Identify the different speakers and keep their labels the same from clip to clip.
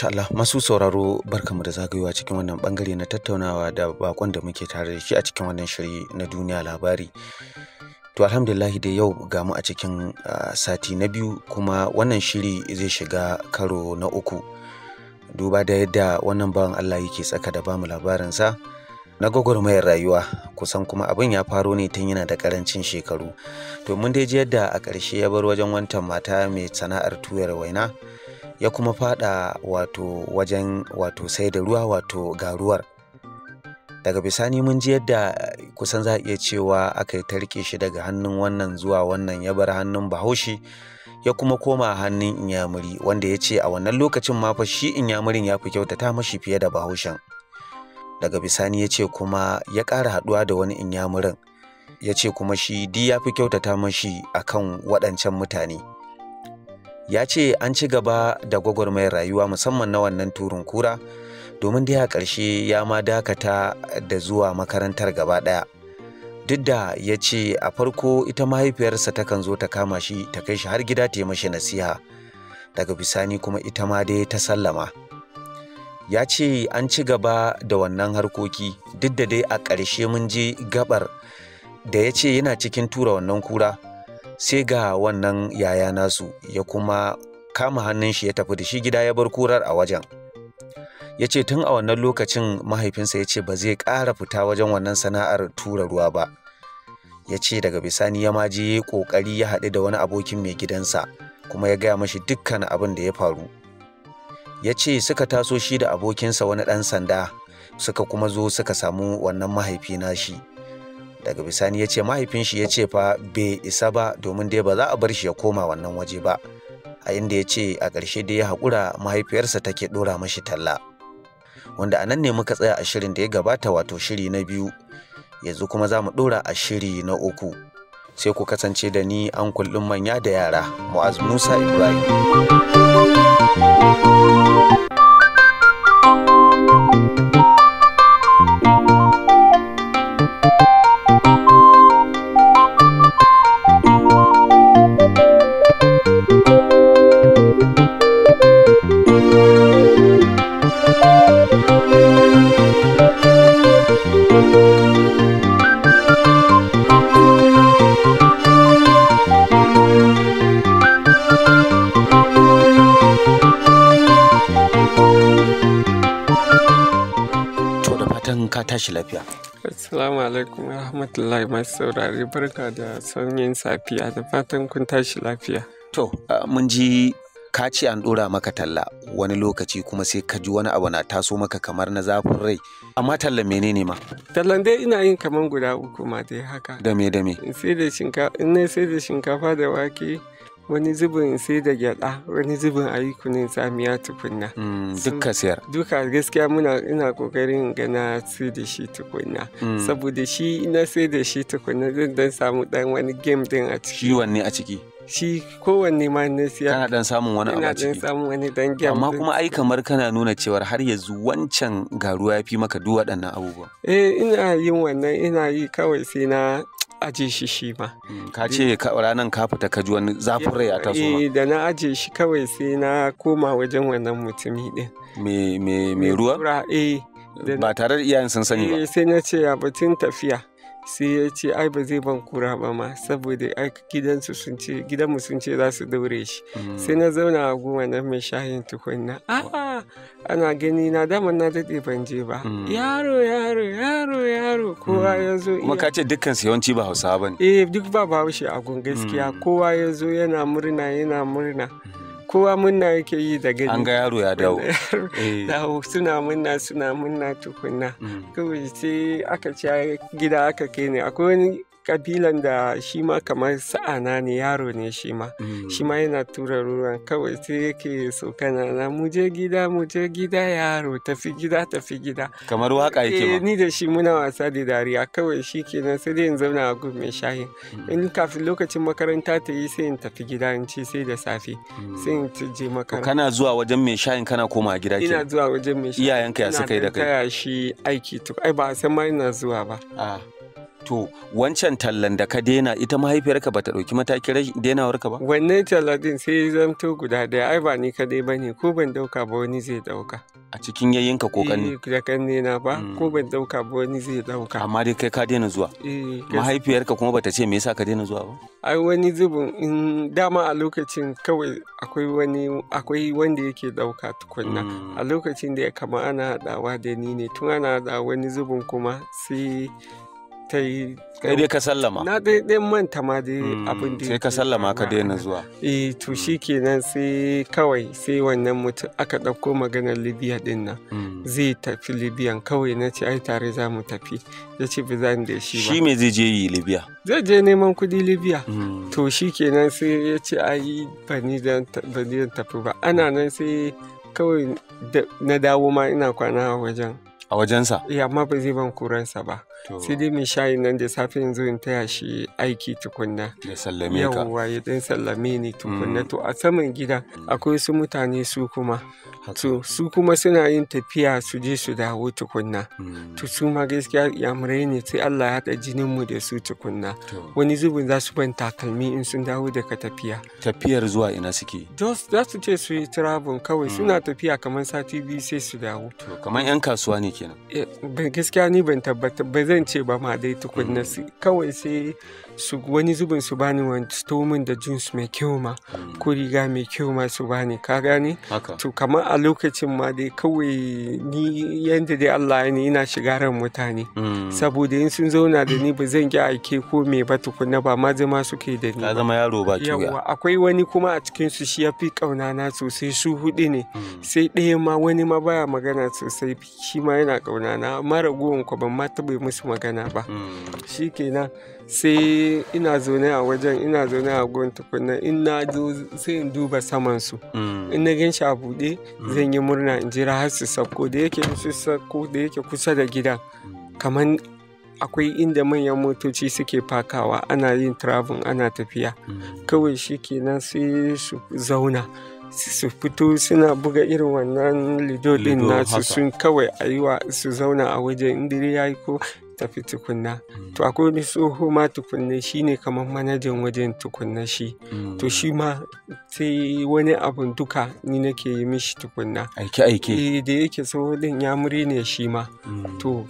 Speaker 1: insha Allah masu sauraro barkamu da zagayowa cikin wannan bangare na tattaunawa da bakon da muke tare da shi a cikin wannan shiri na duniya labari. To alhamdulillah da yau ga mu a cikin sati na biyu kuma wannan shiri zai shiga karo na uku. Duba da yadda wannan bawan Allah yake tsaka da bamu labarin sa na gwagwarmayar rayuwa kusan kuma abin ya faro ne tun yana da karancin shekaru. To mun dai ji yadda a karshe ya bar wajen wantan mata mai sana'ar tuyar waina. ya kuma fada wato wajen wato sai da ruwa wato garuwar daga bisani mun ji yadda kusan za a iya cewa aka yi tarke shi daga hannun wannan zuwa wannan ya bar hannun bahaushe ya kuma koma hannun inyamuri wanda ya ce a wannan lokacin ma shi inyamurin ya fi kyautata mashi fiye da bahaushen daga bisani ya ce kuma ya ƙara haɗuwa da wani inyamurin ya ce kuma shi di ya fi kyautata mashi akan waɗancan mutane ya ce an ci gaba da gwagwarmayar rayuwa musamman na wannan turin kura domin dai a ƙarshe ya ma dakata da zuwa makarantar gaba ɗaya duk da ya ce a farko ita mahaifiyarsa ta kan zo ta kama shi ta kai shi har gida ta yi mashi nasiha daga bisani kuma ita ma dai ta sallama ya ce an ci gaba da wannan harkoki duk da dai a ƙarshe mun je gabar da ya ce yana cikin tura wannan kura sai ga wannan yaya nasu ya kuma kama hannun shi ya tafi da shi gida ya bar kurar a wajen ya ce tun a wannan lokacin mahaifinsa ya ce ba zai ƙara fita wajen wannan sana'ar tura ruwa ba ya ce daga bisani ya ma je ƙoƙari ya haɗu da wani abokin mai gidansa kuma ya gaya mashi dukkan abin da ya faru ya ce suka taso shi da abokinsa wani ɗan sanda suka kuma zo suka samu wannan mahaifi na shi daga bisani ya ce mahaifin shi ya ce fa bai isa ba domin dai ba za a bar shi ya koma wannan waje ba a inda ya ce a ƙarshe dai ya haƙura mahaifiyarsa take ɗora mashi talla wanda a nan ne muka tsaya a shirin da ya gabata wato shiri na biyu yanzu kuma za mu ɗora a shiri na uku sai ku kasance da ni an kullum manya da yara mu'az musa ibrahim tashi lafiya.
Speaker 2: Assalamu alaikum rahmatullahi masu saurari barka da sanyin safiya da fatan kun tashi lafiya. To,
Speaker 1: mun ji ka ce an ɗora maka talla wani lokaci kuma sai ka ji wani abu na taso maka kamar na zafin rai amma tallan menene ma
Speaker 2: tallan dai ina yin kamar guda uku ma dai haka Dame dame. in sai da shinkafa da wake wani zubin sai da gyada wani zubin a yi kunin tsamiya tukunna
Speaker 1: mm, duka siyar
Speaker 2: duka gaskiya muna ina kokarin gana su da shi tukunna mm. saboda shi na sai da shi tukunna zan dan samu dan wani game din a ciki
Speaker 1: shi wanne a ciki
Speaker 2: shi kowanne
Speaker 1: ma na siya kana dan samun wani abu ciki dan
Speaker 2: samun wani dan gyam amma kuma
Speaker 1: ai kamar kana nuna cewar har yanzu wancan garuwa ya fi maka duk waɗannan abubuwa
Speaker 2: eh ina yin wannan ina yi kawai sai na aje shi shi ma. Mm, ka ce
Speaker 1: ranar ka fita ka ji wani zafin rai a taso ma.
Speaker 2: Eh, da na aje shi kawai sai na koma wajen wannan mutumi din.
Speaker 1: Me ruwa? Eh, ba tare da iyayen sun sani ba. Eh,
Speaker 2: sai na ce ya batun tafiya. sai ya ce ai ba zai ban kura ba ma saboda ai gidansu sun ce gidanmu sun ce za su daure shi mm. sai na zauna a goma na mai shayin tukunna a'a ana gani na dama na daɗe ban je ba mm. yaro yaro yaro yaro mm. kowa ya zo kuma ka ce
Speaker 1: dukkan su yawanci ba hausawa ba ne
Speaker 2: eh duk ba bahaushe a gun gaskiya kowa ya zo yana murna yana murna kowa munna yake yi da gani an ga
Speaker 1: yaro ya dawo eh.
Speaker 2: dawo suna munna suna munna tukunna mm. kawai sai aka ci gida aka kai ne akwai wani kabilan da shi ma kamar sa'ana ne yaro ne shi ma mm. shi ma yana tura ruwan kawai sai yake so kana na muje gida muje gida yaro tafi gida tafi gida
Speaker 1: kamar waka yake ba eh,
Speaker 2: ni da shi muna wasa da dariya kawai shi kenan sai dai in zauna a gurbin mai shayin mm. in kafin lokacin makaranta ta yi sai in tafi gida in ci sai da safe mm. sai in je makaranta kana
Speaker 1: zuwa wajen mai shayin kana koma gida ke ina
Speaker 2: zuwa wajen mai shayin iyayenka ya suka yi da kai ina da shi aiki to ai ba san ma ina zuwa ba
Speaker 1: ah. to wancan tallan da ka daina ita mahaifiyarka bata dauki matakin dainawarka ba
Speaker 2: wannan tallan din sai zamto guda daya ai ba ni kadai bane ko ban dauka ba wani zai dauka
Speaker 1: a cikin yayyinka ko kanne eh,
Speaker 2: da kanne na ba hmm. ko ban dauka ba wani zai dauka
Speaker 1: amma dai kai ka daina zuwa
Speaker 2: eh, mahaifiyarka
Speaker 1: kuma bata ce me yasa ka daina zuwa ba
Speaker 2: ai wani zubin in dama a lokacin kawai akwai wani akwai wanda yake dauka tukunna hmm. a lokacin da ya kama ana hadawa da ni ne tun ana hada wani zubin kuma sai ta yi kai dai ka sallama na dai dai manta ma dai hmm, abin da sai ka sallama ka daina zuwa eh to hmm. shikenan sai kawai sai wannan mutum aka ɗauko maganar libya din nan hmm. zai tafi libyan kawai na ce ai tare za mu tafi ya ce bi za da shi ba shi me zai
Speaker 1: je yi libya
Speaker 2: zai je neman kuɗi libya to shikenan sai ya ce ai ba ni zan tafi ba ana nan sai kawai na dawo ma ina kwana a wajen a wajensa? Iya, eh, amma ba zai ban kuransa ba. sai dai mai shayi nan da safe yanzu in taya shi aiki tukunna ya sallame ka yawwa ya dan sallame ni tukunna mm. to a saman gida mm. akwai su mutane su kuma to su kuma suna yin tafiya su je su dawo tukunna mm. to su ma gaskiya yamurai ne sai Allah ya da jinin mu da su tukunna wani zubin za su ban takalmi in sun dawo daga tafiya
Speaker 1: tafiyar zuwa ina suke
Speaker 2: za su ce su yi travel kawai suna tafiya kamar sati biyu sai su dawo
Speaker 1: kamar yan kasuwa ne kenan
Speaker 2: eh, gaskiya ni ban tabbatar zan ce ba ma dai tukunna mm. kawai sai su wani zubin su bani wani stomin da jeans mai kyau ma mm. ko riga mai kyau ma su bani ka gane to kamar a lokacin ma dai kawai ni yanda dai Allah ya ni ina shiga ran mutane mm. saboda in sun zauna da ni ba zan ki aike ko me ba tukunna ba ma zama suke da ni ka zama yaro ba akwai wani kuma a cikin su shi yafi kauna na sosai su hudu ne sai ɗaya ma wani ma baya magana sosai shi ma yana kauna na mara ragowar ko ban ma taɓa musu mishi magana ba mm. shi kenan sai ina zaune a wajen ina zaune a gurin tukunan ina zo sai in duba saman su mm. in na gan shi a buɗe mm. zan yi murna in jira har su sako da yake su da yake kusa da gidan kamar akwai inda manyan motoci suke fakawa ana yin travel ana tafiya kawai shi kenan sai su zauna su fito suna buga irin wannan lidodin din nasu sun kawai a yi su zauna a waje indiri ya yi ko tafi tukunna mm. to akwai wani tsoho ma tukunna shi ne kamar manajan wajen tukunna shi mm. to shi ma sai wani abun duka ni nake yi mishi tukunna aike aike eh, da yake tsoho din ya muri ne shi ma mm. to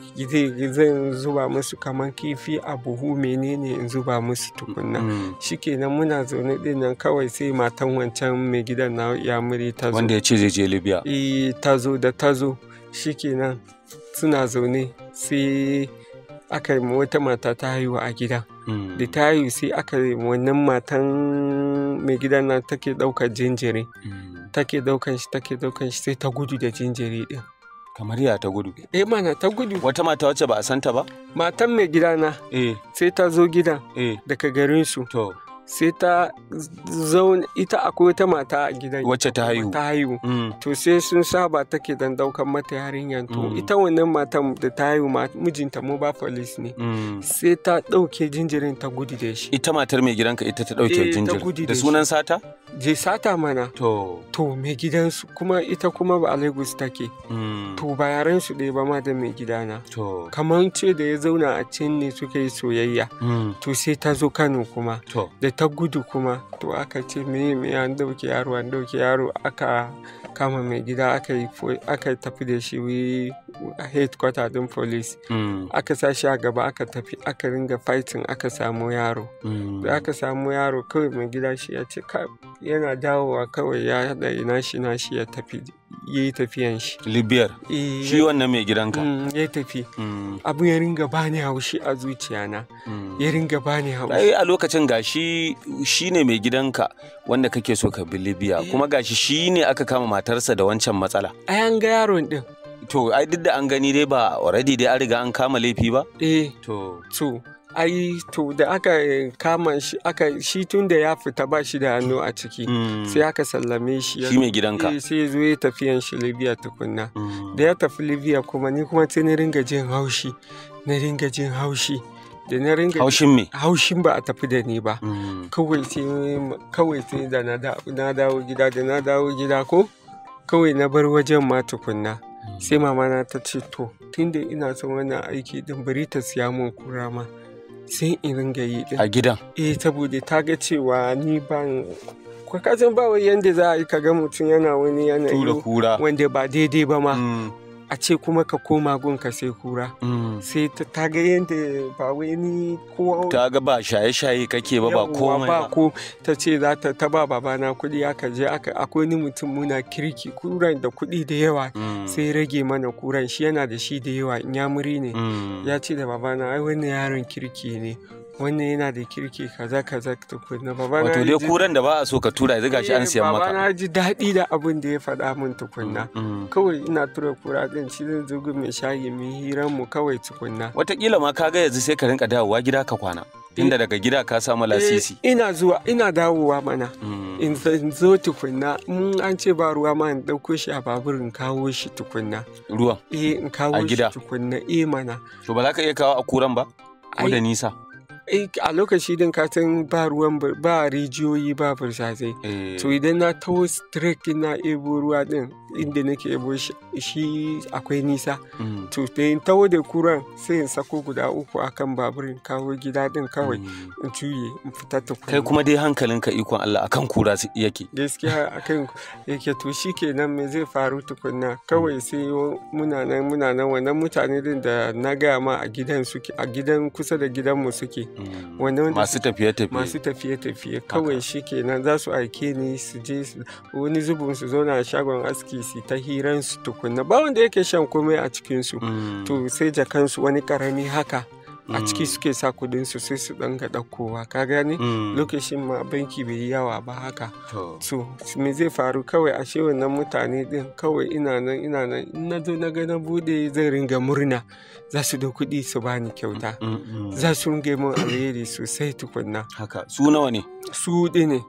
Speaker 2: zan zuba musu kamar kifi a buhu menene in zuba musu tukunna shikenan muna zaune din nan kawai sai matan wancan mai gidan na ya muri ta zo wanda ya ce zai je libya eh ta zo da ta zo shikenan suna zaune sai aka yi wata mata ta haihu a gida mm. da ta haihu sai aka yi wannan matan mai gida na take daukar jinjiri mm. take ɗaukan shi take ɗaukan shi sai ta gudu da jinjiri din. kamar ya ta gudu eh mana ta gudu wata mata wacce ba a santa ba matan mai gida na eh. sai ta zo gida eh. daga garin su to sai ta zaune ita akwai wata mata a gidan wacce ta haihu ta haihu mm. to sai sun saba take dan daukan mata yarinyar to mm. ita wannan matan da ta haihu mijinta mu ba police ne mm. sai ta dauke jinjirin ta gudu da shi
Speaker 1: ita matar mai gidanka ita ta dauke eh, jinjirin da sunan sata je
Speaker 2: sata mana to to mai gidan su kuma ita kuma ba a Lagos take to ba yaran su dai ba ma da mai gidana to kamar ce da ya zauna a cikin ne suka yi soyayya to sai ta zo Kano kuma To. ta gudu kuma to aka ce me me an dauke yaro an dauke yaro aka kama mai gida aka yi tafi da shi wuri headquarter din police mm. aka sa shi a gaba aka tafi aka ringa fighting aka samu yaro mm. da aka samu yaro kawai mai gida shi ya ce yana dawowa kawai ya hada ina shi na shi ya tafi ya yi tafiyan shi libiyar eh, shi
Speaker 1: wannan mai gidanka
Speaker 2: mm, ya tafi mm. abin ya ringa bani haushi a zuciya na mm. ya ringa bani haushi a
Speaker 1: lokacin gashi shi ne mai gidanka wanda kake so ka bi libiya eh. kuma gashi shi ne aka kama matarsa da wancan matsala
Speaker 2: ai an ga yaron din
Speaker 1: to ai duk da an gani dai ba already dai an riga an kama laifi ba
Speaker 2: eh to to ai to da aka kama shi aka shi tun da ya fita ba shi da hannu a ciki mm. sai aka sallame shi shi mai gidanka eh, sai ya zo ya tafiyan shi libya tukunna mm. da ya tafi libya kuma ni kuma sai na ringa jin haushi na ringa jin haushi da na ringa haushin me haushin ba a tafi da ni ba mm. kawai sai kawai sai da na dawo gida da na dawo gida ko kawai na bar wajen ma tukunna sai mamana ta ce to tunda ina son wannan aiki din bari ta siya min kura ma sai in ringa yi din a gidan eh saboda ta ga cewa ni ban ka san ba wai yanda za a yi ga mutum yana wani yanayi wanda ba daidai ba ma mm. a ce kuma ka koma gun ka sai kura mm. sai ta ga yadda ba wani kowa ta
Speaker 1: ga ba shaye-shaye kake ba ba komai ba
Speaker 2: ko ta ce za ta ta ba babana kuɗi aka je aka akwai ni mutum muna kirki kuran da kuɗi da yawa mm. sai rage mana kuran shi yana da shi da yawa in ya muri ne mm. ya ce da babana ai wani yaron kirki ne wannan yana da kirki kaza kaza tukunna baba wato dai kuran da
Speaker 1: ba a so ka tura yanzu shi an eh, siyan maka baba
Speaker 2: na ji daɗi da abin da ya faɗa min tukunna mm, mm. kawai ina tura kura din shi zan zo gun mai shayi mu hiran mu kawai tukunna
Speaker 1: wataƙila ma ka ga yanzu sai ka rinka dawowa gida ka kwana inda daga gida ka samu eh, lasisi
Speaker 2: ina zuwa ina dawowa mana mm. in zo tukunna mun an ce ba ruwa ma in ɗauko shi a babur in kawo shi tukunna ruwan eh in kawo shi tukunna eh mana
Speaker 1: to ba za ka iya kawo a kuran ba ko da nisa
Speaker 2: Eh, a lokaci din katin ba ruwan ba rijiyoyi ba burtsatse eh. to idan na taho strik na ebo ruwa din inda nake ebo shi akwai nisa mm. to da in taho da kuran sai in sako guda uku akan baburin kawo gida din kawai mm. in tuye in fita ta kai kuma
Speaker 1: dai hankalinka ikon Allah akan kura yake gaskiya
Speaker 2: akan yake to shi nan me zai faru tukunna kawai mm. sai muna nan muna nan wannan mutane din da na gaya ma a gidan suke a gidan kusa da gidanmu suke Mm. masu tafiye-tafiye masu tafiye-tafiye kawai shi kenan za su aike ni su je wani zubin su zauna a shagon aski su ta hiran su tukunna ba wanda yake shan komai a cikin su mm. to sai jakansu wani karami haka a ciki mm. suke sa kudin su sai su ɗan ga kowa ka gani mm. lokacin ma banki bai yi yawa ba haka so me zai faru kawai ashe na mutane din kawai ina nan ina nan in na zo na ga na bude zan ringa murna za su da kuɗi su bani kyauta mm, za su ringa min alheri sosai tukunna haka su nawa ne su ɗi ne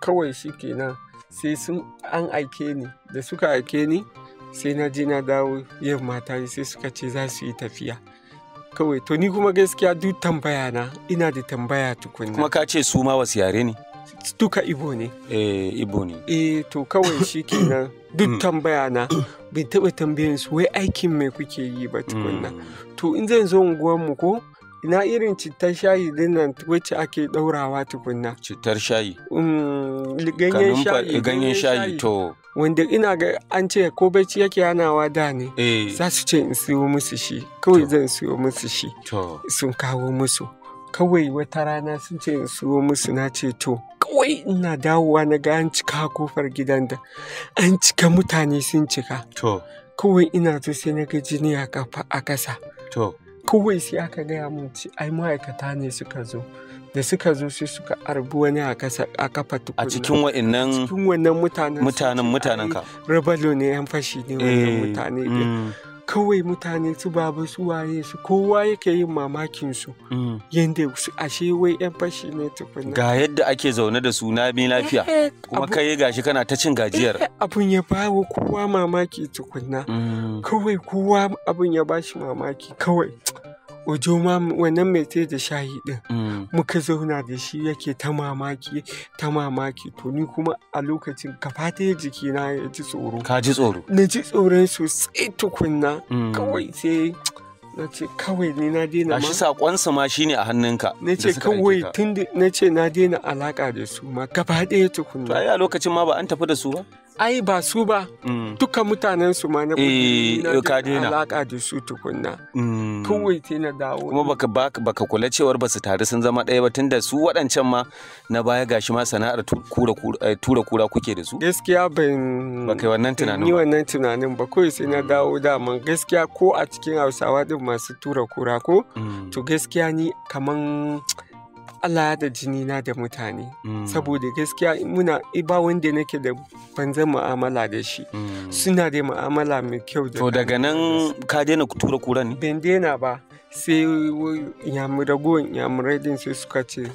Speaker 2: kawai shikenan sai sun an aike ni da suka aike ni sai na ji na dawo yamma ta sai suka ce za su yi tafiya kawai to ni kuma gaskiya duk tambaya na ina da tambaya tukunna kuma
Speaker 1: ka ce su ma wasu yare ne duka ibo ne eh ibo ne
Speaker 2: eh to kawai shikenan duk mm. tambaya na bai taba tambayan su wai aikin mai kuke yi ba tukunna mm. to in zan zo unguwar mu ko ina irin cutar shayi dinnan wacce ake ɗaurawa tukunna cittar um, shayi ganyen shayi to wanda ina ga an ce ko bacci yake yanawa da ne eh. za su ce in siyo musu shi kawai zan siyo musu shi To. sun kawo musu kawai wata rana sun ce in siyo musu na ce to kawai ina dawowa na ga an cika kofar gidan da an cika mutane sun cika To. kawai ina to sai na ga jini a kafa a kawai sai aka gaya mun ci ai ma'aikata ne suka zo da suka zo sai suka arbi wani a kasa a kafa tukuna a cikin wa'annan cikin wannan mutanen mutanen mutanen ka rabalo ne yan fashi ne wannan eh, mutane mm. kawai mutane su baba su waye su kowa yake yin mamakin su mm. yanda su ashe wai yan fashi ne tukuna ga
Speaker 1: yadda ake zaune da su na bi lafiya eh, eh, kuma kai gashi kana ta cin gajiyar eh,
Speaker 2: abun ya bawo kowa mamaki tukuna mm. kawai kowa abun ya bashi mamaki kawai ojo ma wannan mai sai da shayi din mm. muka zauna da shi yake ta mamaki ta mamaki to ni kuma a lokacin kafata ya jiki na ya ji tsoro
Speaker 1: ka ji tsoro
Speaker 2: na ji tsoron sosai tukunna mm. kawai sai na ce kawai ni na daina ma shi
Speaker 1: sakonsa ma shine a hannunka
Speaker 2: na ce kawai tun na ce na daina alaka da su ma gaba ɗaya tukunna to a lokacin ma ba an tafi da su ba ai ba su ba mm. duka mutanen su ma na kudi eh, na eh, alaka da su tukunna mm. kawai te na dawo
Speaker 1: kuma baka baka kula cewar ba su tare sun zama ɗaya ba tunda su waɗancan ma na baya gashi ma sana'ar eh, tura kura kuke da su
Speaker 2: gaskiya ban baka wannan tunanin ni wannan tunanin ba kawai sai na mm. dawo daman gaskiya ko a cikin Hausawa din masu tura kura ko to gaskiya ni kaman Allah ya da jini na da mutane mm. saboda gaskiya muna ba wanda nake da banzan mu'amala da shi mm. suna da mu'amala mai kyau da to daga nan ka daina tura kura ne ban daina ba sai yamuragon yamurai din sai suka ce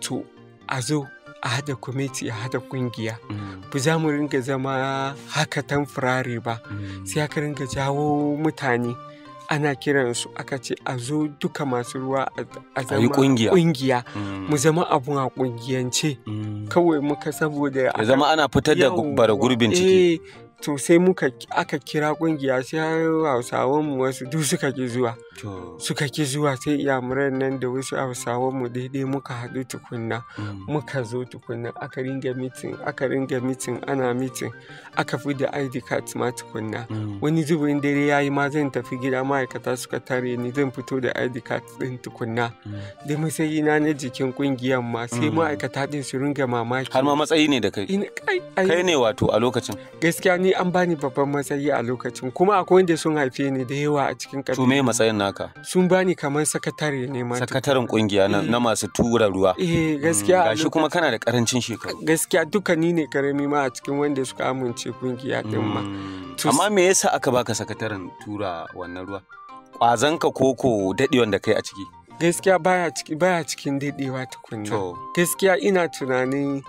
Speaker 2: to a zo a hada kwamiti a hada kungiya mm. ba za mu ringa zama haka firare ba sai aka ringa jawo mutane ana kiran su aka ce a zo duka masu ruwa a zama kungiya mm. mu zama abun a kungiyance mm. kawai muka saboda ya zama
Speaker 1: ana fitar da bara gurbin ciki
Speaker 2: eh, to sai muka aka kira kungiya sai hausawan mu wasu duk suka ki zuwa suka ki zuwa sai iyamuran nan da wasu hausawan mu daidai muka haɗu tukunna mm. muka zo tukunna aka ringa mitin aka ringa mitin ana mitin aka fi da id card ma tukunna mm. wani zubin dare yayi ma zan tafi gida ma'aikata suka tare ni zan fito da id card din tukunna mm. da matsayi na na jikin kungiyan ma sai ma'aikata din su ringa mamaki har ma matsayi ne da kai
Speaker 1: kai ne wato a lokacin
Speaker 2: gaskiya ni ni an bani babban matsayi a lokacin kuma akwai wanda sun haife ni da yawa a cikin ƙabila. Tume
Speaker 1: matsayin naka?
Speaker 2: Sun bani kamar sakatare ne ma.
Speaker 1: Sakataren kungiya eh. na masu tura ruwa. Eh gaskiya. Mm, gashi kuma kana da karancin shekaru.
Speaker 2: Gaskiya duka ni ne karami ma a cikin wanda suka amince kungiya din ma. Mm. Amma me yasa aka baka sakataren
Speaker 1: tura wannan ruwa? Ƙwazanka koko daɗewan da kai a ciki?
Speaker 2: Gaskiya baya cikin daɗewa tukunna. Gaskiya ina tunanin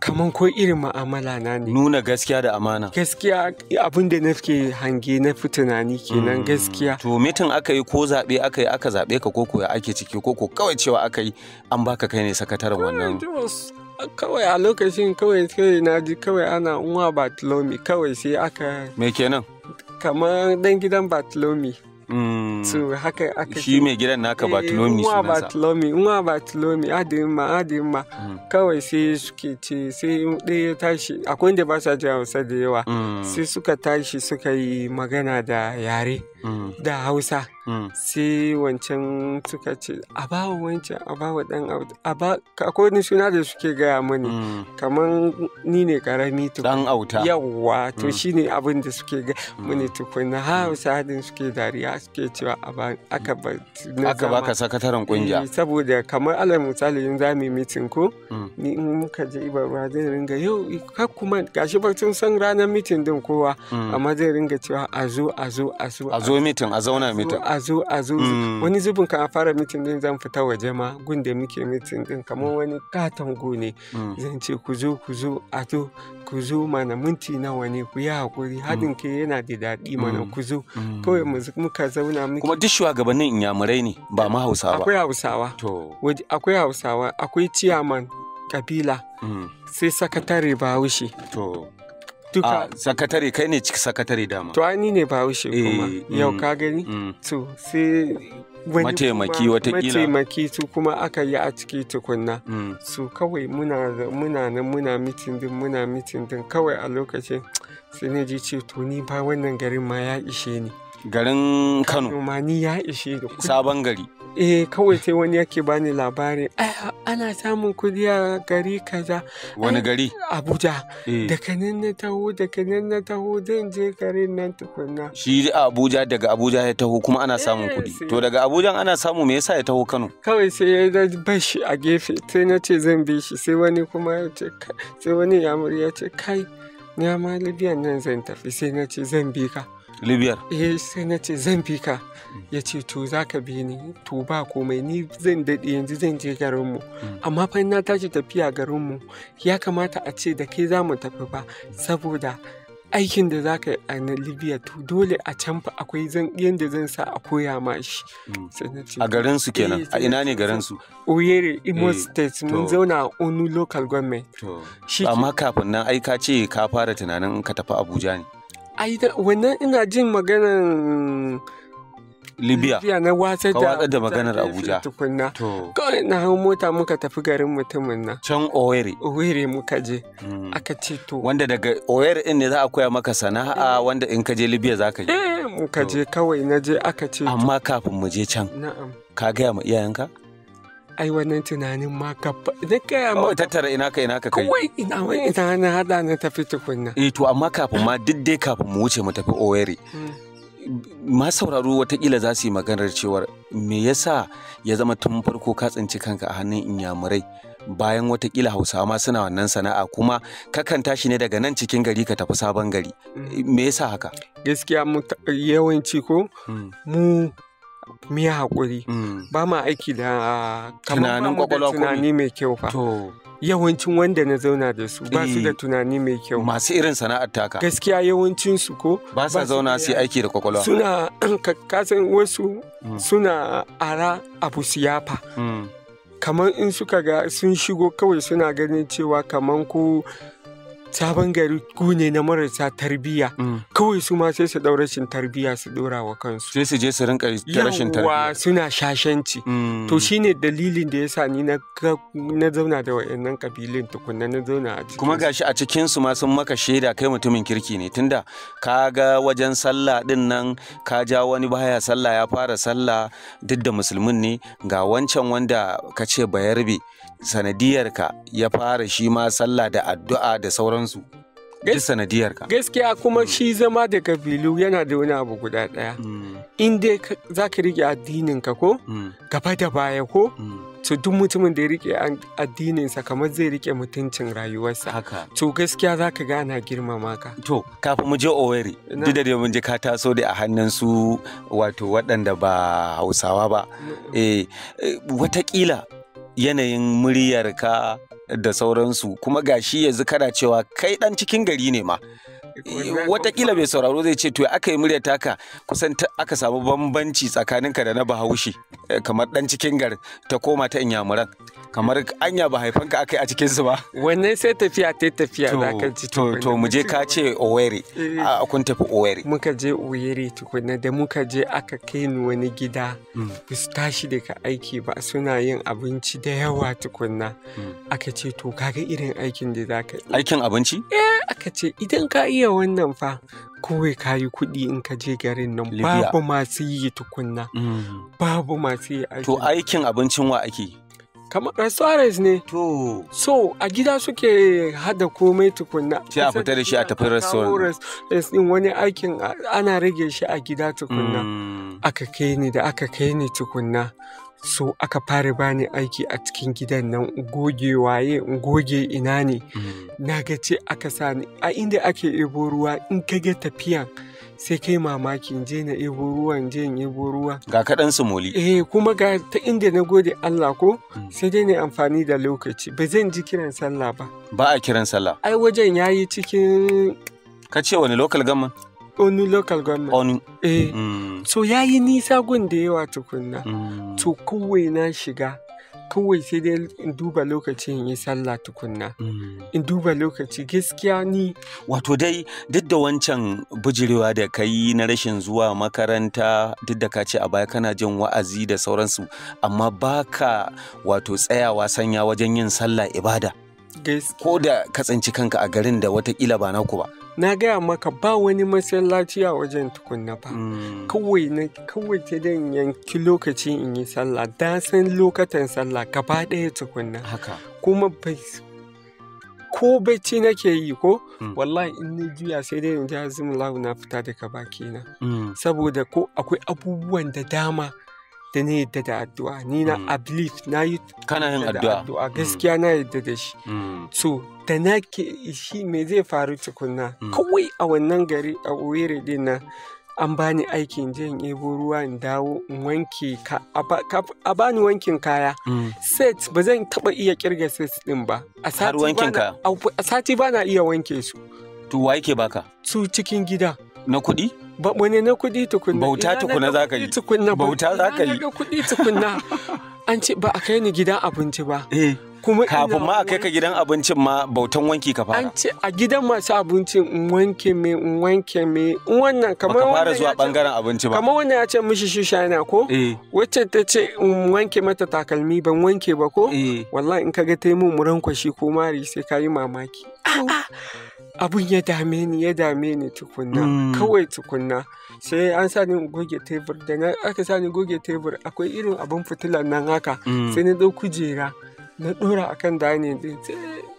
Speaker 2: kaman ko irin ma'amala na ne nuna gaskiya da amana gaskiya abin da nake hange na fi tunani kenan mm. gaskiya
Speaker 1: to mitin aka yi ko zaɓe aka yi aka zaɓe ka koko ya ake ciki koko kawai cewa aka yi an baka kai ne sakataren wannan
Speaker 2: kawai a lokacin kawai kawai na ji kawai ana unwa batulomi kawai sai aka me kenan kamar dan gidan batulomi. Mm. so haka aka shi mai
Speaker 1: gidan naka eh, tulomi sunansa ba
Speaker 2: tulomi nwa batlomi nwa batlomi adimma ma mm. kawai sai suke ce sai ɗaya tashi akwai wanda ba sa ji hausa da yawa mm. sai suka tashi suka yi magana da yare Mm. da hausa mm. sai wancan suka ce a ba wa wancan a ba wa dan akwai wani suna da suke gaya mani mm. kamar ni ne karami tukuna. dan auta yawwa to shine abin da suke ga mani tukuna hausa din suke dariya suke cewa a ba aka ba aka ka sakataren kungiya eh, saboda kamar alal misali yin zami mitin ko ni in muka je ibarwa zai ringa yau kar kuma gashi ba tun san ranar mitin din kowa amma zai ringa cewa a zo a zo a zo a zo
Speaker 1: mitin a zauna mitin
Speaker 2: a zo a zo mm. wani zubin ka a fara mitin din zan fita waje ma gun da muke mitin din kamar mm. wani katon gone mm. zan ce ku zo ku zo a zo ku zo mana minti nawa ne ku yi hakuri haɗin ke yana da daɗi mana ku zo kawai muka zauna muke
Speaker 1: kuma duk shugabannin inyamurai ne ba ma hausawa akwai
Speaker 2: hausawa akwai hausawa akwai ciyaman kabila sai sakatare bahaushe to duka ah,
Speaker 1: sakatare kai ne ciki sakatare dama to ai ni ne ba wushe eh, kuma mm, yau ka gani mm.
Speaker 2: to sai mataimaki watakila mataimaki su kuma aka yi a ciki tukunna mm. su kawai muna muna na muna mitindin din muna mitin din kawai a lokacin sai ne ji ce to ni ba wannan garin ma ya ishe ni garin kano ma ni ya ishe ni sabon gari eh kawai sai wani yake bani labari ana samun kudi a gari kaza wani gari abuja eh. daga nan na taho daga nan na taho zan je garin nan tukunna
Speaker 1: shi abuja daga abuja ya taho kuma ana samun eh, kudi to daga abuja ana samu me yasa ya taho kano
Speaker 2: kawai sai ya da bashi a gefe sai na ce zan bi shi sai wani kuma ya ce sai wani ya ce kai ya ma libyan nan zan tafi sai na ce zan bi ka libiyar eh sai na ce zan fi ka ya ce to za ka bi ni to ba komai ni zan daɗe yanzu zan je garinmu hmm. amma fa na tashi tafiya garinmu ya kamata a ce da kai za mu tafi ba saboda aikin da za ka yi a na libya to dole a can fa akwai zan yadda zan sa a koya ma shi hmm. a garin
Speaker 1: su kenan eh, a ina ne garin su
Speaker 2: oyere imo eh, state mun zauna a onu local government
Speaker 1: amma kafin nan ai ka ce ka fara tunanin ka tafi abuja ne
Speaker 2: aida wannan ina jin maganan
Speaker 1: libya libya na watsar da da maganar abuja
Speaker 2: tukunna kawai na hau mota muka tafi garin mutumin na. can owerri owerri muka je hmm. aka ce to
Speaker 1: wanda daga owerri din ne za a koya maka sana'a eh. wanda in ka je libya za ka je eh muka je kawai na je aka ce amma kafin mu je can na'am ka gaya ma iyayenka
Speaker 2: ai wannan tunanin ma ka na kaya oh, ma
Speaker 1: tattara ina ka ina ka kai kawai
Speaker 2: ina wai ina na hada na tafi tukunna
Speaker 1: eh to amma kafin ma duk dai kafin mu wuce mu tafi Owerri hmm. ma sauraro watakila za su yi maganar cewar me yasa ya zama tun farko ka tsinci kanka a hannun inyamurai bayan watakila hausawa ma suna wannan sana'a kuma kakan tashi ne daga nan cikin gari ka tafi sabon gari hmm. me yasa haka
Speaker 2: gaskiya yawanci ko hmm. mu Miya haƙuri mm. ba ma aiki da ah, tunanin kwakwalwa tunani mai kyau fa yawancin wanda na zauna da su ba su eh. da tunani mai kyau
Speaker 1: masu irin sana'ar taka gaskiya
Speaker 2: yawancin su ko
Speaker 1: ba sa zauna su aiki da kwakwalwa suna
Speaker 2: kasan wasu mm. suna ara abu siyafa mm. kamar in suka ga sun shigo kawai suna ganin cewa kamar ko sabon gari ku ne na marasa tarbiyya mm. kawai su ma sai su ɗau rashin tarbiyya su ɗora wa kansu sai su je su rinka rashin tarbiyya suna shashanci mm. to shine dalilin da yasa ni na zauna da wayannan kabilin tukunna na zauna a cikin kuma
Speaker 1: gashi a cikin su ma sun maka shaida kai mutumin kirki ne tunda ka ga wajen sallah din nan ka ja wani baya sallah ya fara sallah duk da musulmin ne ga wancan wanda ka ce bayarbe sanadiyarka ya fara shi ma sallah da addu'a da sauransu duk sanadiyarka
Speaker 2: gaskiya kuma mm. shi zama da kabilu yana da wani abu guda ɗaya mm. in dai za ka riƙe addininka ko mm. gaba da baya ko to duk mutumin da ya rike addininsa kamar zai rike mutuncin rayuwarsa haka to gaskiya za ka gana girmama ka to
Speaker 1: kafin mu je oweri duk da mun je ka taso da a hannun su wato waɗanda ba hausawa ba eh, eh watakila yanayin muryarka da sauransu kuma gashi yanzu kana cewa kai ɗan cikin gari ne ma Eh, watakila mai sauraro zai ce to aka yi murya taka kusan aka samu bambanci tsakaninka da na bahaushe eh, kamar dan cikin garin ta koma ta inyamuran kamar anya ba haifanka aka yi a cikin su ba wannan sai tafiya ta tafiya da kan ci to to mu je ka
Speaker 2: ce owere eh. a kun tafi owere muka je owere tukunna da muka je aka kai ni wani gida mm. su tashi daga aiki ba suna yin abinci da yawa tukunna mm. aka ce to kaga irin aikin da za ka
Speaker 1: aikin abinci eh
Speaker 2: aka ce idan ka iya iya wannan fa kawai ka yi kuɗi in ka je garin nan babu masu yi tukunna. Mm.
Speaker 1: Babu masu yi aiki. To aikin abincin wa ake?
Speaker 2: kamar restaurants ne. To. So a gida suke hada komai tukunna. Sai a
Speaker 1: fita da shi a tafi restaurant.
Speaker 2: din wani aikin ana rage shi a gida tukunna. Mm. Aka kai ni da aka kai ni tukunna. so aka fara bani aiki a cikin gidan nan goge waye goge ina ne mm. na ga ce aka sa ni a inda ake ebo ruwa in ka ga tafiya, sai kai mamaki je na ebo ruwa je in ebo ruwa
Speaker 1: ga kaɗan Moli. eh
Speaker 2: kuma ga ta inda na gode Allah ko mm. sai dai ne amfani da lokaci ba zan ji kiran sallah ba
Speaker 1: ba a kiran sallah
Speaker 2: ai wajen yayi cikin ka ce wani local government Onu local government. Onu. Eh. Mm. So ya yi nisa gun da yawa tukunna. To mm. kowai na shiga. Kawai sai dai in duba lokaci in yi sallah tukunna. Mm. In duba lokaci gaskiya ni. Wato
Speaker 1: dai duk da wancan bujirewa da ka yi na rashin zuwa makaranta duk da ka ce a baya kana jin wa'azi da sauransu amma baka wato tsayawa sanya wajen yin sallah ibada. ko da ka tsinci kanka a garin da watakila ba naku ba
Speaker 2: na gaya maka ba wani masallaci a wajen tukunna ba hmm. kawai na kawai ta dan yanki lokaci in yi sallah da san lokacin sallah gaba ɗaya tukunna haka kuma bai ko bacci nake yi ko hmm. wallahi in ni juya sai dai in ji azumin na fita daga bakina hmm. saboda ko akwai abubuwan da dama da na yadda da addu'a ni na mm. a believe na yi kana yin addu'a mm. gaskiya na yadda da shi mm. so da na ke shi me zai faru tukunna kawai a wannan gari a owerri din na an bani aikin jin ebo ruwa in dawo in wanke a bani wankin kaya set ba zan taba iya kirga set din ba a sati bana iya wanke su to wa yake baka su cikin gida na kuɗi ba wani na kuɗi tukunna bauta tukuna za ka yi bauta za ka yi na kuɗi tukunna an ce ba a kai ni gidan abinci ba
Speaker 1: eh. kuma kafin ma a kai ka gidan abincin ma bautan wanki ka fara an
Speaker 2: ce a gidan masu abincin in wanke me in wanke me in wannan kamar wannan fara zuwa
Speaker 1: bangaren abinci ba kamar
Speaker 2: wannan ya ce mishi shusha yana ko eh. wacce ta ce in wanke mata takalmi ban wanke ba ko eh. wallahi in ka ga ta yi mun murankwashi ko mari sai ka yi mamaki abun ya dame ni ya dame ni tukunna mm. kawai tukunna sai an sa ni goge tebur da na aka sa ni goge tebur akwai irin abun fitila nan haka mm. sai na ɗau kujera na ɗora akan dani din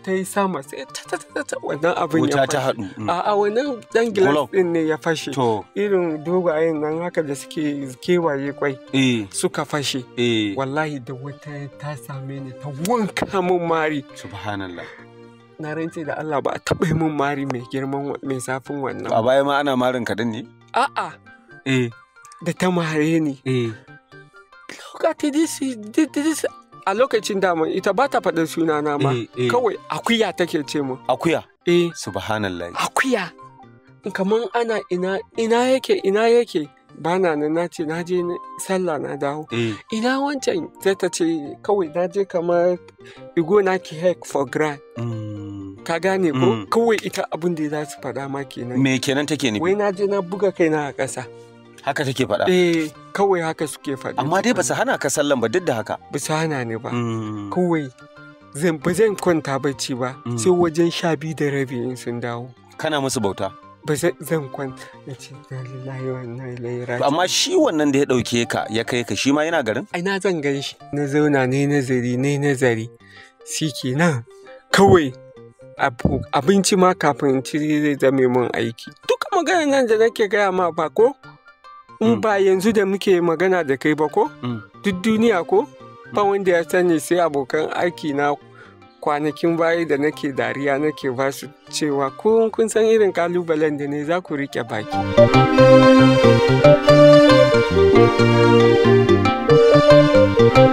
Speaker 2: ta yi sama sai ta ta ta ta. wannan abun ya ta haɗu mm. a wannan dan gilas din ne ya fashe irin dogayen nan haka da suke kewaye kwai eh. suka fashe eh. wallahi da wata ta same ni ta wanka mun mari subhanallah na rance da Allah ba a taɓa yi min mari mai girman mai zafin wannan a baya ma ana marin kaɗan ne a'a eh da ta mare ni eh a lokacin dama ita ba ta faɗin sunana ma eh, eh. kawai akuya take ce mu akuya eh subhanallah akuya kaman ana ina ina yake ina yake ba na nan na ce na je sallah na dawo eh. ina wancan zai ta ce kawai na je kamar igo na ki hek for grand mm. ka gane ko mm. kawai ita abin da za su faɗa ma kenan me
Speaker 1: kenan take ne wai
Speaker 2: na je na buga kaina a ƙasa
Speaker 1: haka take faɗa
Speaker 2: eh kawai haka suke faɗa amma
Speaker 1: dai ba su hana ka sallan ba duk da haka
Speaker 2: ba su hana ni ba mm. kawai zan ba zan kwanta bacci ba sai wajen sha biyu da rabi in sun dawo
Speaker 1: kana musu bauta
Speaker 2: ba zan kwanta ya ce da wannan laira amma
Speaker 1: shi wannan da ya ɗauke ka ya kai ka shi ma yana garin
Speaker 2: ai na zan gan shi na zauna ne nazari ne nazari shi kenan kawai abinci ma kafin ci zai zame mun aiki duka magana nan da nake gaya ma ba ko in mm. ba yanzu da muke magana da kai ba ko mm. duk duniya ko ba mm. wanda ya sani sai abokan aiki na kwanakin baya da nake dariya nake ba su cewa ko kun san irin kalubalen da ne za ku rike baki
Speaker 1: thank you